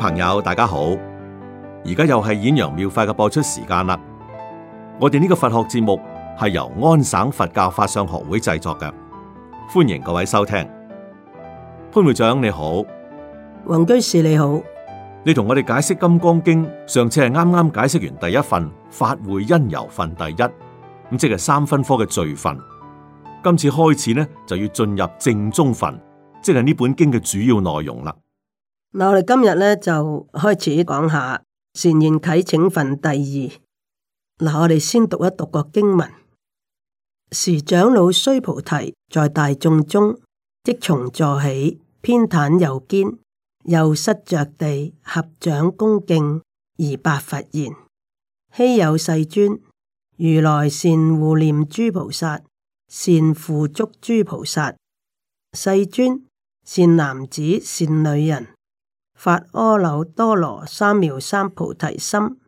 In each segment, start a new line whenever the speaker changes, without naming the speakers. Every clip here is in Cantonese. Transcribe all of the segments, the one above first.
朋友，大家好！而家又係《演揚妙法》嘅播出時間啦。我哋呢個佛學節目係由安省佛教法相學會製作嘅，歡迎各位收聽。潘會長你好，黃居士你好，你同我哋解釋《金剛經》，上次係啱啱解釋完第一份法會因由分第一，咁即係三分科嘅序分，今次開始呢就要進入正宗分，即係呢本經嘅主要內容啦。
嗱，那我哋今日咧就開始講下善現啟請分第二。嗱，我哋先讀一讀一個經文。時長老須菩提在大眾中即從座起，偏袒右肩，右膝着地，合掌恭敬而白佛言：希有世尊，如來善護念諸菩薩，善付囑諸菩薩。世尊，善男子，善女人。發阿耨多羅三藐三菩提心，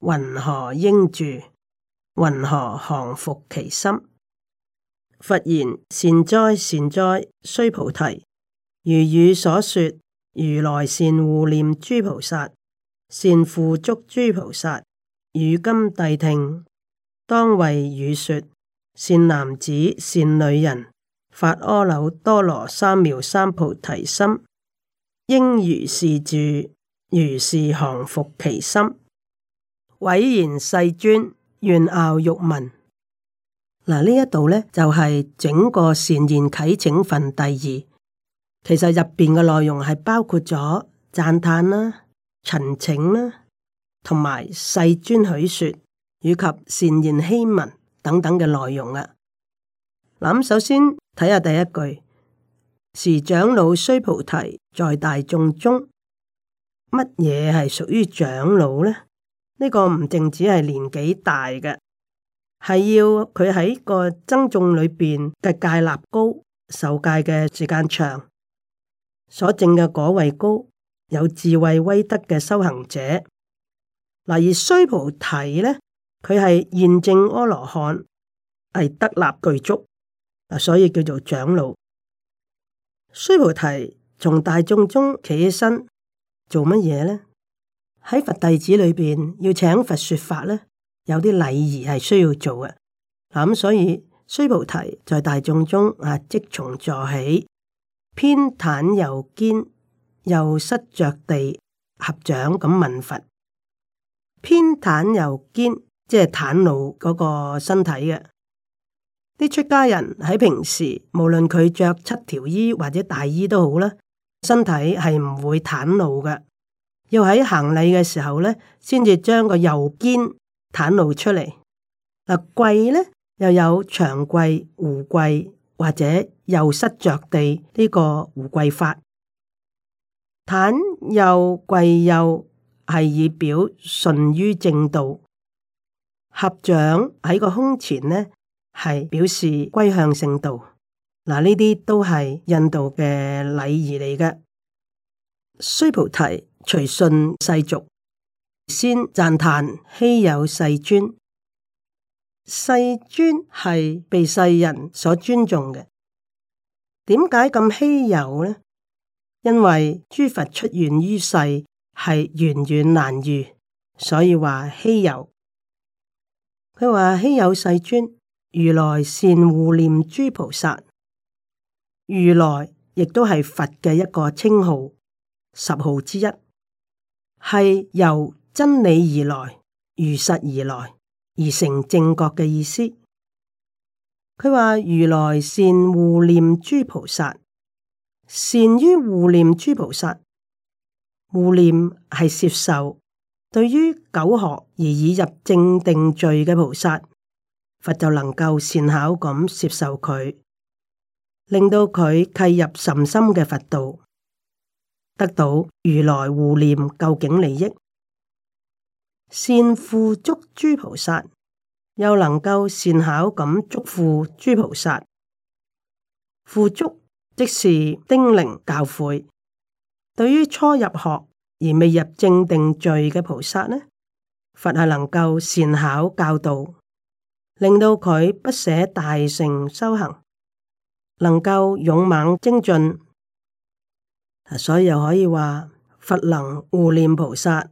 雲何應住？雲何降伏其心？佛言：善哉善哉，須菩提，如汝所說，如來善護念諸菩薩，善付囑諸菩薩。汝今諦聽，當為汝說。善男子、善女人，發阿耨多羅三藐三菩提心。應如是住，如是降服其心。唯然世尊，願樂欲聞。嗱、啊，呢一度呢，就係、是、整個善言啟請分第二，其實入邊嘅內容係包括咗讚嘆啦、陳請啦，同埋世尊許說以及善言希聞」等等嘅內容啊。嗱、啊、咁，首先睇下第一句。時長老須菩提在大眾中，乜嘢係屬於長老咧？呢個唔淨止係年紀大嘅，係要佢喺個僧眾裏邊嘅戒律高，受戒嘅時間長，所證嘅果位高，有智慧威德嘅修行者。嗱，而須菩提咧，佢係現正阿羅漢，係得立具足，所以叫做長老。須菩提從大眾中企起身做乜嘢呢？喺佛弟子裏邊要請佛說法咧，有啲禮儀係需要做嘅。嗱、嗯、咁，所以須菩提在大眾中啊，即從座起，偏袒右肩，右膝着地合掌咁問佛。偏袒右肩，即係袒露嗰個身體嘅。啲出家人喺平時，無論佢着七條衣或者大衣都好啦，身體係唔會袒露嘅。要喺行禮嘅時候咧，先至將個右肩袒露出嚟。嗱、啊，跪咧又有長跪、胡跪或者右膝着地呢、呢個胡跪法。袒右跪右係以表順於正道。合掌喺個胸前呢，係表示歸向聖道，嗱，呢啲都係印度嘅禮儀嚟嘅。須菩提，隨信世俗先讚歎稀有世尊。世尊係被世人所尊重嘅，點解咁稀有呢？因為諸佛出現於世係遠遠難遇，所以話稀有。佢話稀有世尊。如來善護念諸菩薩，如來亦都係佛嘅一個稱號，十號之一，係由真理而來，如實而來而成正覺嘅意思。佢話如來善護念諸菩薩，善於護念諸菩薩，護念係攝受，對於久學而已入正定聚嘅菩薩。佛就能夠善巧咁接受佢，令到佢契入甚深嘅佛道，得到如來護念，究竟利益。善付囑諸菩薩，又能夠善巧咁付囑諸菩薩。付囑即是叮嚀教誨，對於初入學而未入正定聚嘅菩薩呢，佛係能夠善巧教導。令到佢不捨大乘修行，能夠勇猛精進，所以又可以話佛能護念菩薩，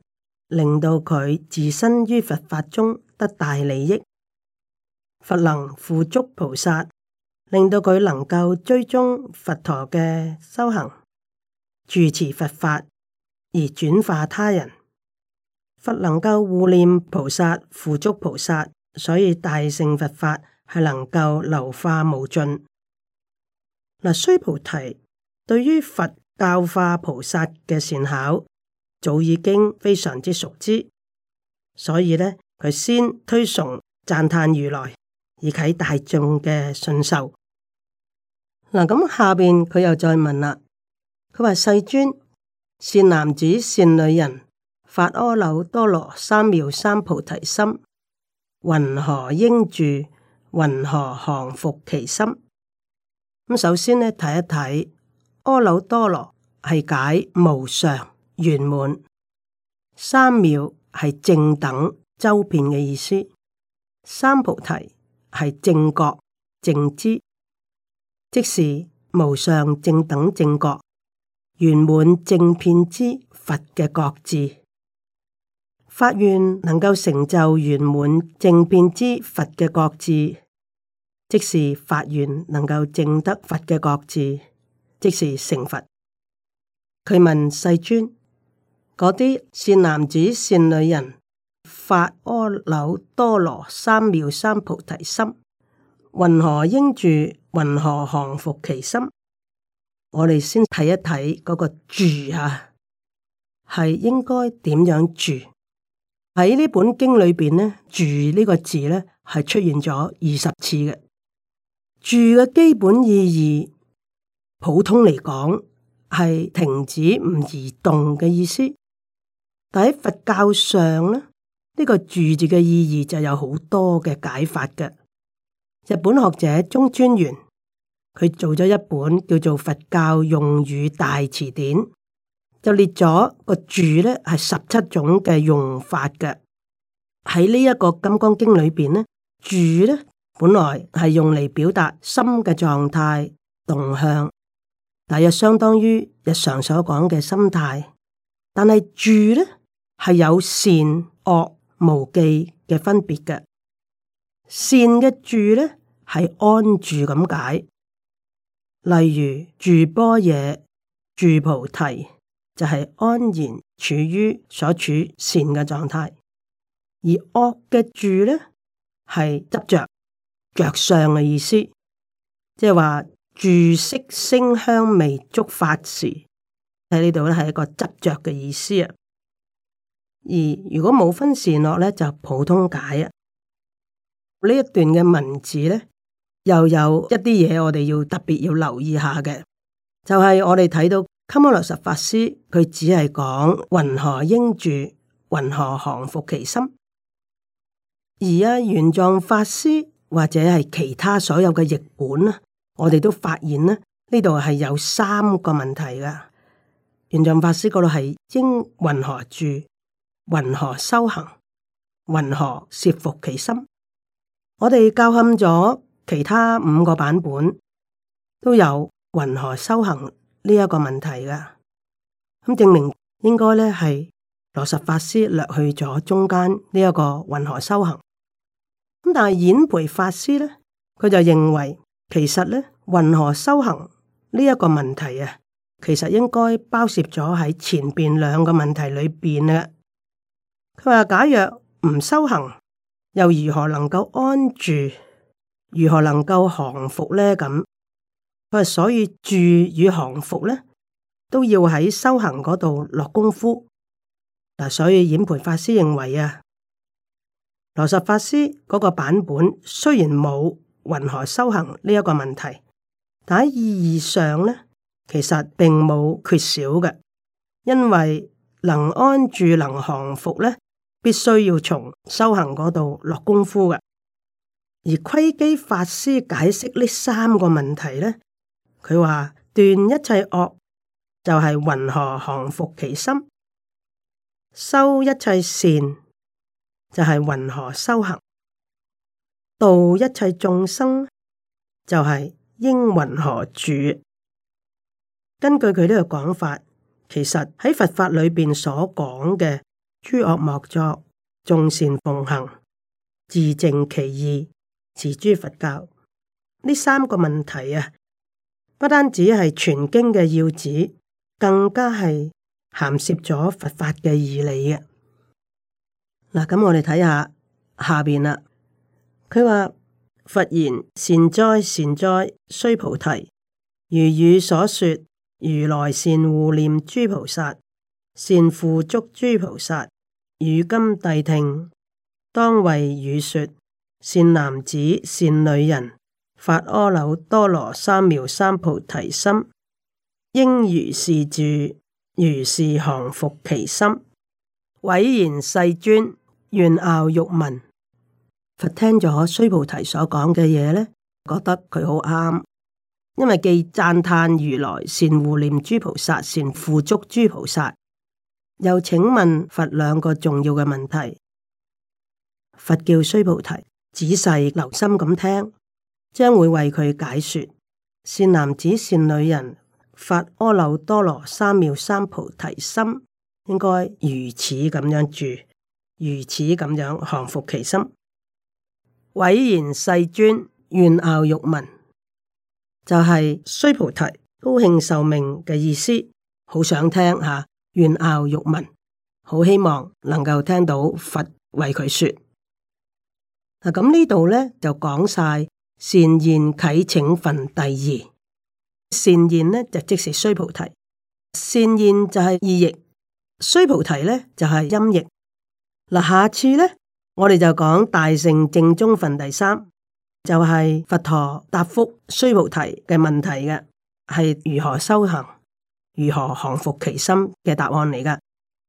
令到佢置身於佛法中得大利益；佛能付囑菩薩，令到佢能夠追蹤佛陀嘅修行，住持佛法而轉化他人。佛能夠護念菩薩，付囑菩薩。所以大乘佛法係能夠流化無盡。嗱，須菩提對於佛教化菩薩嘅善巧，早已經非常之熟知。所以咧，佢先推崇讚歎如來，以啟大眾嘅信受。嗱，咁下邊佢又再問啦。佢話世尊，善男子善女人發阿耨多羅三藐三菩提心，云何應住？云何降伏其心？首先呢，睇一睇阿耨多羅係解無上圓滿，三藐係正等周遍嘅意思，三菩提係正覺正知，即是無上正等正覺圓滿正遍知佛嘅覺字。發願能夠成就圓滿正變之佛嘅覺智，即是發願能夠證得佛嘅覺智，即是成佛。佢問世尊：嗰啲善男子善女人，發阿耨多羅三藐三菩提心，云何應住？云何降伏其心？我哋先睇一睇嗰個住啊，係應該點樣住？喺呢本經裏邊咧，住呢個字咧係出現咗二十次嘅。住嘅基本意義，普通嚟講係停止唔移動嘅意思。但喺佛教上咧，呢、這個住字嘅意義就有好多嘅解法嘅。日本學者中村元佢做咗一本叫做《佛教用語大辭典》。就列咗個住咧係十七種嘅用法嘅。喺呢一個金剛經裏邊咧，住咧本來係用嚟表達心嘅狀態動向，大約相當於日常所講嘅心態。但係住咧係有善惡無記嘅分別嘅，善嘅住咧係安住咁解，例如住般若、住菩提。就係安然處於所處善嘅狀態，而惡嘅住咧係執着着相嘅意思，即係話住色聲香味觸法時喺呢度咧係一個執着嘅意思啊。而如果冇分善惡咧，就普通解啊。呢一段嘅文字咧又有一啲嘢我哋要特別要留意下嘅，就係、是、我哋睇到，鳩摩羅什法師佢只係講云何應住，云何降伏其心。而一玄奘法師或者係其他所有嘅譯本咧，我哋都發現咧呢度係有三個問題噶。玄奘法師嗰度係應云何住，云何修行，云何攝伏其心。我哋校勘咗其他五個版本都有云何修行，呢一個問題噶，咁證明應該咧係羅什法師略去咗中間呢一個云何修行，咁但係演培法師咧，佢就認為其實咧云何修行呢一個問題啊，其實應該包涉咗喺前邊兩個問題裏邊嘅。佢話假若唔修行，又如何能夠安住？如何能夠降伏咧？咁？佢所以住與降伏咧，都要喺修行嗰度落功夫。嗱，所以演培法師認為啊，羅什法師嗰個版本雖然冇云何修行呢一個問題，但喺意義上咧，其實並冇缺少嘅。因為能安住、能降伏咧，必須要從修行嗰度落功夫嘅。而窺基法師解釋呢三個問題咧。佢話斷一切惡就係、是、云何降伏其心，修一切善就係、是、云何修行，度一切眾生就係、是、應云何住。根據佢呢個講法，其實喺佛法裏邊所講嘅諸惡莫作，眾善奉行，自淨其意，持諸佛教呢三個問題啊。不單止係全經嘅要旨，更加係涵攝咗佛法嘅義理嘅。嗱，咁我哋睇下下邊啦。佢話，佛言善哉善哉，須菩提，如汝所說，如來善護念諸菩薩，善付囑諸菩薩，汝今諦聽，當為汝說，善男子善女人。發阿耨多羅三藐三菩提心，應如是住，如是降伏其心。唯然世尊，尊，願樂欲聞。佛聽咗須菩提所講嘅嘢呢，覺得佢好啱，因為既讚歎如來善護念諸菩薩，善付囑諸菩薩，又請問佛兩個重要嘅問題。佛叫須菩提仔細留心咁聽。將會為佢解說：善男子、善女人，發阿耨多羅三藐三菩提心，應該如此咁樣住，如此咁樣降伏其心。唯然世尊，願樂欲聞，就係、是、須菩提高興受命嘅意思。好想聽吓，願樂欲聞，好希望能夠聽到佛為佢說。嗱、啊，咁呢度咧就講晒。善現啟請分第二，善現呢就即是須菩提，善現就係意譯，須菩提呢就係音譯。嗱，下次呢，我哋就講大乘正宗分第三，就係、是、佛陀答覆須菩提嘅問題嘅，係如何修行，如何降伏其心嘅答案嚟㗎。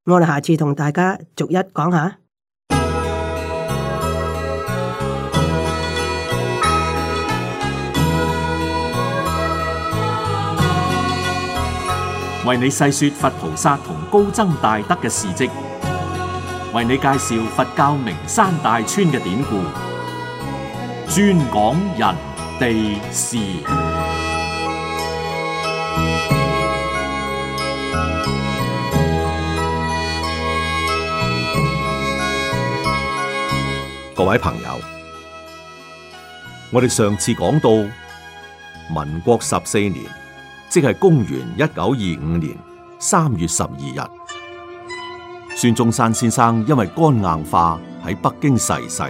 我哋下次同大家逐一講下。
為你細說佛菩薩同高僧大德嘅事跡，為你介紹佛教名山大川嘅典故，專講人地事。各位朋友，我哋上次講到民國十四年。即係公元一九二五年三月十二日，孫中山先生因為肝硬化喺北京逝世，世，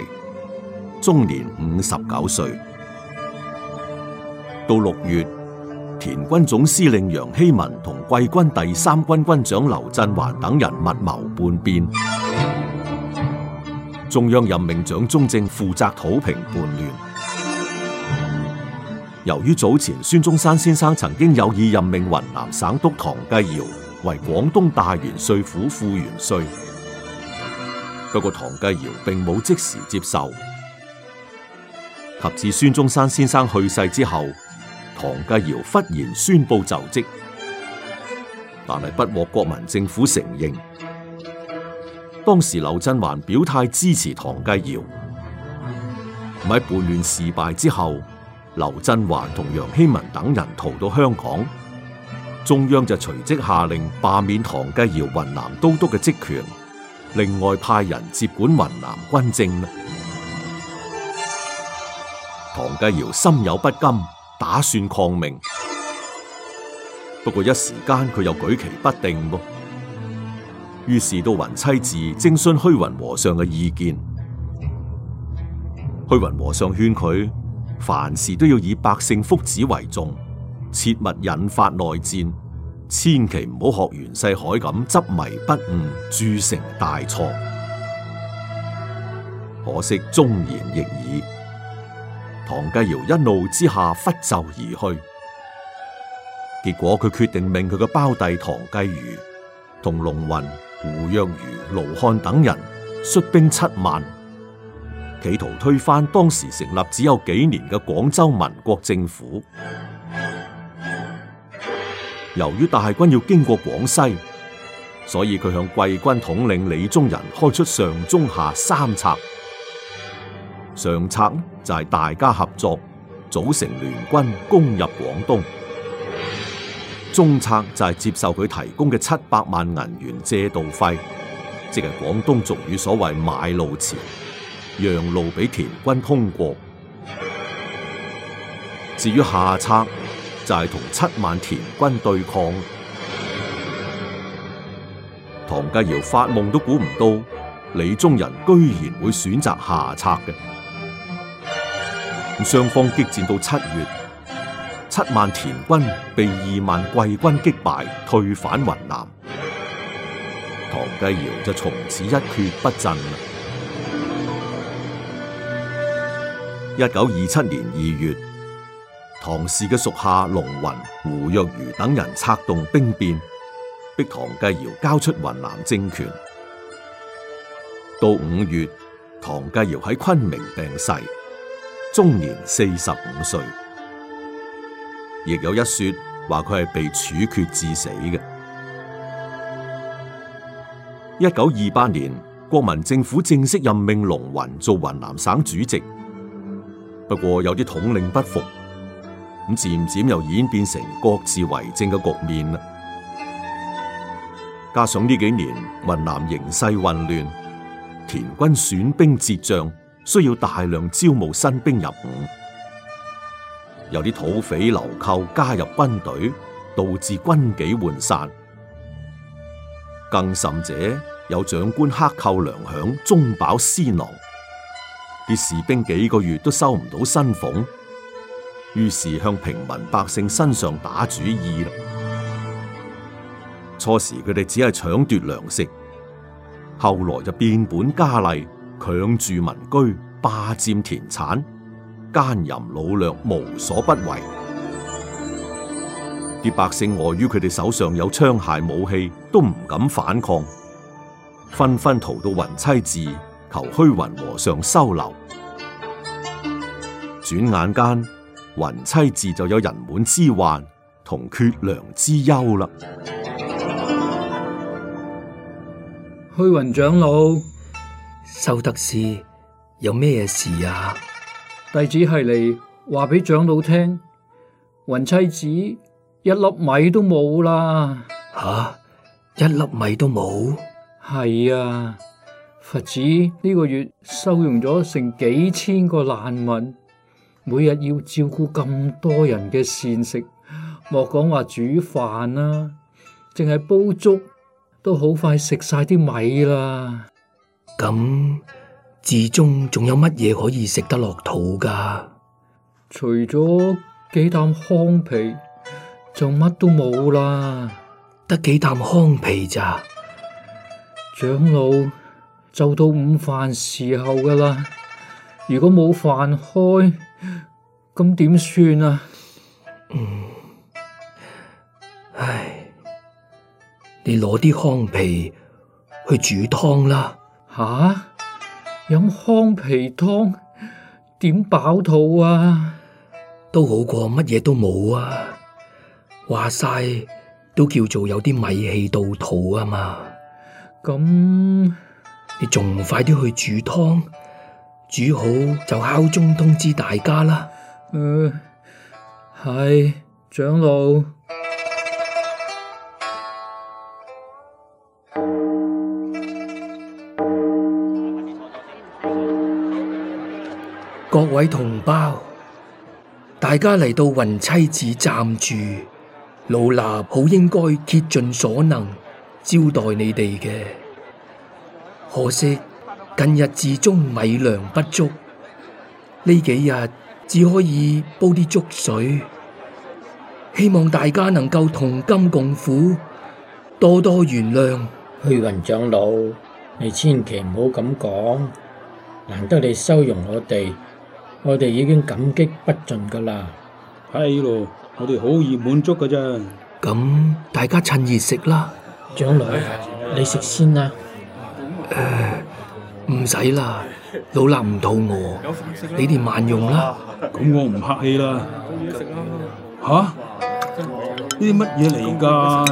終年五十九歲。到六月，滇軍總司令楊希閔同桂軍第三軍軍長劉振華等人密謀叛變，中央任命蔣中正負責討平叛亂。由於早前孫中山先生曾經有意任命雲南省督唐繼堯為廣東大元帥府副元帥，不過唐繼堯並冇即時接受。及至孫中山先生去世之後，唐繼堯忽然宣布就職，但係不獲國民政府承認。當時劉震寰表態支持唐繼堯，喺叛亂事敗之後，劉振華同楊希閔等人逃到香港，中央就隨即下令罷免唐繼堯雲南都督嘅職權，另外派人接管雲南軍政。唐繼堯心有不甘，打算抗命，不過一時間佢又舉棋不定喎。於是到雲棲寺徵詢虛雲和尚嘅意見，虛雲和尚勸佢。凡事都要以百姓福祉為重，切勿引發內戰，千祈唔好學袁世凱咁執迷不悟，鑄成大錯。可惜忠言逆耳，唐繼堯一怒之下拂袖而去。結果佢決定命佢嘅胞弟唐繼虞同龍雲、胡若愚、盧漢等人率兵七萬。企圖推翻當時成立只有幾年嘅廣州民國政府。由於大軍要經過廣西，所以佢向桂軍統領李宗仁開出上中下三策。上策就係大家合作，組成聯軍攻入廣東；中策就係接受佢提供嘅七百萬銀元借道費，即係廣東俗語所謂買路錢。讓路俾田軍通過。至於下策，就係同七萬田軍對抗。唐繼堯發夢都估唔到，李宗仁居然會選擇下策嘅。雙方激戰到七月，七萬田軍被二萬桂軍擊敗，退返雲南。唐繼堯就從此一蹶不振。一九二七年二月，唐氏嘅屬下龍雲、胡若愚等人策動兵變，逼唐繼堯交出雲南政權。到五月，唐繼堯喺昆明病逝，終年四十五歲。亦有一說話佢係被處決致死嘅。一九二八年，國民政府正式任命龍雲做雲南省主席。不過有啲統領不服，咁漸漸又演變成各自為政嘅局面啦。加上呢幾年雲南形勢混亂，田軍損兵折將，需要大量招募新兵入伍，有啲土匪流寇加入軍隊，導致軍紀渙散。更甚者，有長官克扣糧餉，中飽私囊。啲士兵幾個月都收唔到薪俸，於是向平民百姓身上打主意啦。初時佢哋只係搶奪糧食，後來就變本加厲，強佔民居、霸佔田產、奸淫擄掠，無所不為。啲百姓礙於佢哋手上有槍械武器，都唔敢反抗，紛紛逃到雲棲寺。求虛雲和尚收留，轉眼間雲棲寺就有人滿之患同缺糧之憂啦。虛雲長老，
修德師，有咩事啊？弟子係嚟話俾長老聽，雲棲寺一粒米都冇啦。吓，一粒米都冇？係啊。佛子呢、這個月收容咗成幾千個難民，每日要照顧咁多人嘅膳食，莫講話煮飯啦、啊，淨係煲粥都好快食晒啲米啦。咁至終仲有乜嘢可以食得落肚噶？除咗幾啖糠皮，就乜都冇啦。得幾啖糠皮咋？長老。就到午飯時候噶啦，如果冇飯開，咁點算啊？嗯，唉，你攞啲糠皮去煮湯啦。吓，飲糠皮湯點飽肚啊？啊都好過乜嘢都冇啊！話晒都叫做有啲米氣到肚啊嘛。咁。你仲唔快啲去煮湯？煮好就敲鐘通知大家啦。嗯、呃，係長老，各位同胞，大家嚟到雲棲寺暫住，老衲好應該竭盡所能招待你哋嘅。可惜近日寺中米糧不足，呢幾日只可以煲啲粥水，希望大家能夠同甘共苦，多多原諒。虛雲長老，你千祈唔好咁講，難得你收容我哋，我哋已經感激不
盡㗎喇。係咯，我哋好易滿足㗎咋。咁大家趁熱食啦。長老，你食先啦。誒，唔使啦，老衲唔肚餓，你哋慢用啦。咁我唔客氣啦，食啦。吓，呢啲乜嘢嚟噶？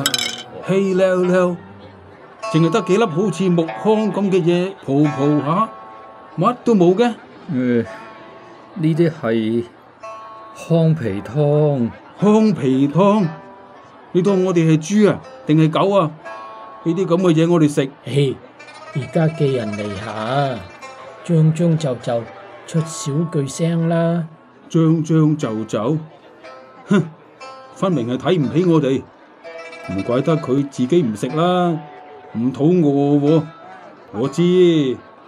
稀溜溜，淨係得幾粒好似木糠咁嘅嘢，泡泡下，乜都冇嘅。誒，呢啲係糠皮湯。糠皮湯？你當我哋係豬啊，定係狗啊？呢啲咁嘅嘢我哋食？嘿。而家寄人籬
下，將將就就出小句聲啦！
將將就走，哼，分明係睇唔起我哋，唔怪得佢自己唔食啦，唔肚餓喎。我知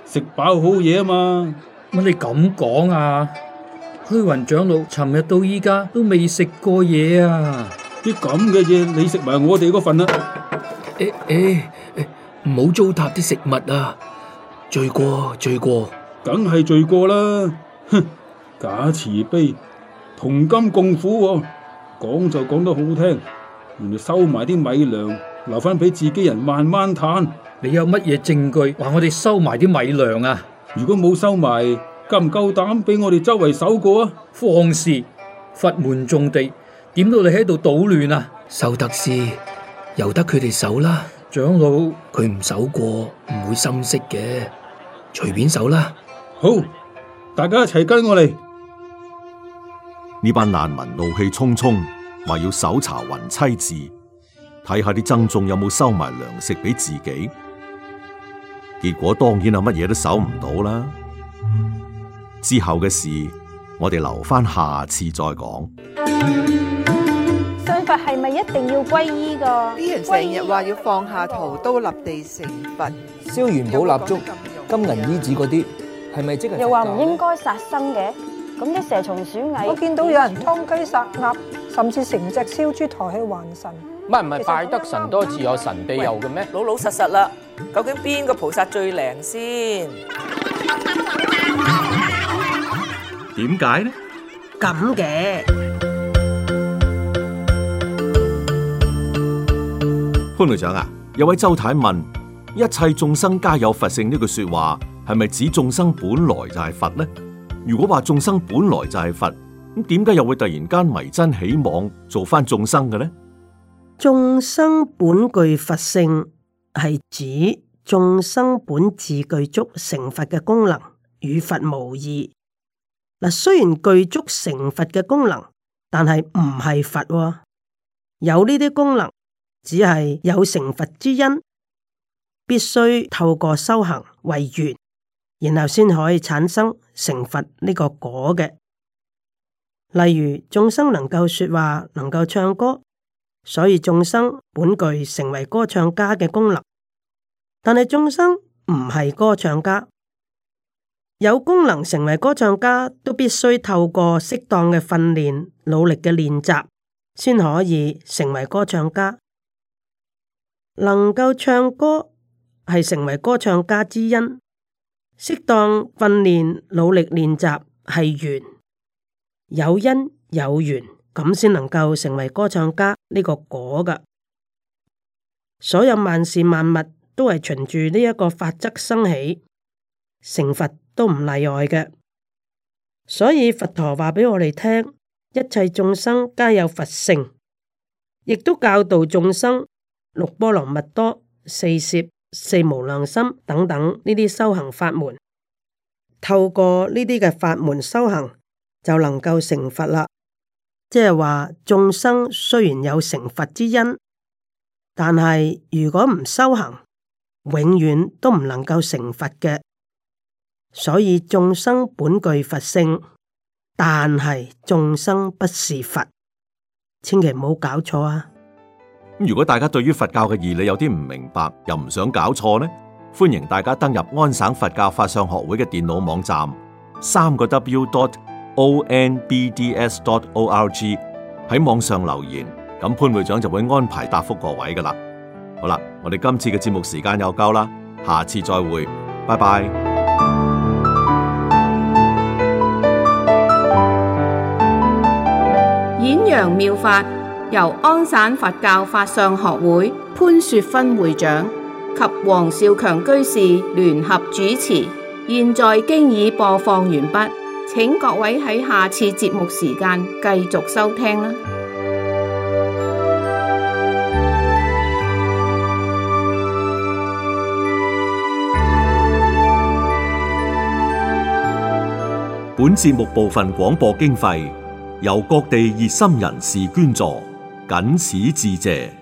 食飽好嘢啊嘛。乜你咁講啊？虛雲長老尋日到依家都未食過嘢啊！啲咁嘅嘢你食埋我哋嗰份啊！誒誒、欸。欸唔好糟蹋啲食物啊！罪過，罪過，梗係罪過啦！哼，假慈悲，同甘共苦，講就講得好聽，原來收埋啲米糧，留翻俾自己人慢慢嘆。你有乜嘢證據話我哋收埋啲米糧啊？如果冇收埋，夠唔夠膽俾我哋周圍搜過啊？放肆！佛門重地，點到你喺度搗亂啊？受得事，
由得佢哋搜啦。長老，佢唔搜過，唔會心息嘅，
隨便搜啦。好，大家一齊跟我嚟。呢班難民怒氣冲沖，話要搜查雲棲寺，睇下啲僧眾有冇收埋糧食俾自己。結果當然係乜嘢都搜唔到啦。之後嘅事，我哋留返下次再講。嗯
係咪一定要皈依噶？啲
人成日話要放下屠刀立地成佛，
燒元寶蠟燭、
金銀衣紙嗰啲，係咪即係？又話唔應該殺生嘅，咁啲蛇蟲鼠蟻，我
見到有人劏雞殺鴨，甚至成隻燒豬抬去還神。
唔係唔係，拜得神多自有神庇佑嘅咩？老老實實啦，究竟邊個菩薩最靈先？
點解呢？
咁嘅。
潘隊長啊，有位周太問：一切眾生皆有佛性呢句說話，係咪指眾生本來就係佛呢？如果話眾生本來就係佛，咁點解又會突然間迷真起妄，做翻眾生嘅呢？
眾生本具佛性，係指眾生本自具足成佛嘅功能，與佛無異。嗱，雖然具足成佛嘅功能，但係唔係佛喎，有呢啲功能。只係有成佛之因，必須透過修行為緣，然後先可以產生成佛呢個果嘅。例如眾生能夠說話，能夠唱歌，所以眾生本具成為歌唱家嘅功能。但係眾生唔係歌唱家，有功能成為歌唱家都必須透過適當嘅訓練、努力嘅練習，先可以成為歌唱家。能夠唱歌係成為歌唱家之因，適當訓練、努力練習係緣，有因有緣咁先能夠成為歌唱家呢個果噶。所有萬事萬物都係循住呢一個法則生起，成佛都唔例外嘅。所以佛陀話俾我哋聽，一切眾生皆有佛性，亦都教導眾生，六波羅蜜多、四攝、四無量心等等呢啲修行法門，透過呢啲嘅法門修行，就能夠成佛啦。即係話眾生雖然有成佛之因，但係如果唔修行，永遠都唔能夠成佛嘅。所以眾生本具佛性，但係眾生不是佛，千祈唔好搞錯啊！
咁如果大家對於佛教嘅義理有啲唔明白，又唔想搞錯呢，歡迎大家登入安省佛教法相學會嘅電腦網站，三個 W dot O N B D S dot O R G 喺網上留言，咁潘會長就會安排答覆各位噶啦。好啦，我哋今次嘅節目時間又夠啦，下次再會，拜拜。
演揚妙法。由安省佛教法相學會潘雪芬會長及黃少強居士聯合主持，現在經已播放完畢，請各位喺下次節目時間繼續收聽啦。
本節目部分廣播經費由各地熱心人士捐助。僅此致謝。